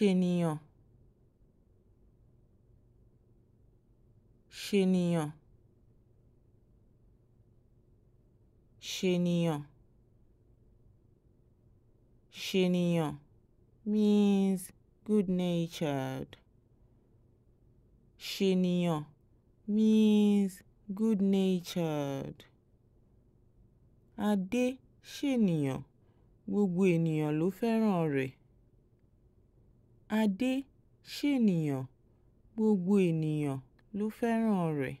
ṣènìyàn ṣènìyàn ṣènìyàn ṣènìyàn means good-natured ṣènìyàn means good-natured adé ṣènìyàn gbogbo ènìyàn ló fẹ́ràn rẹ̀ Adé ṣènìyàn, gbogbo ènìyàn ló fẹ́ràn rẹ̀.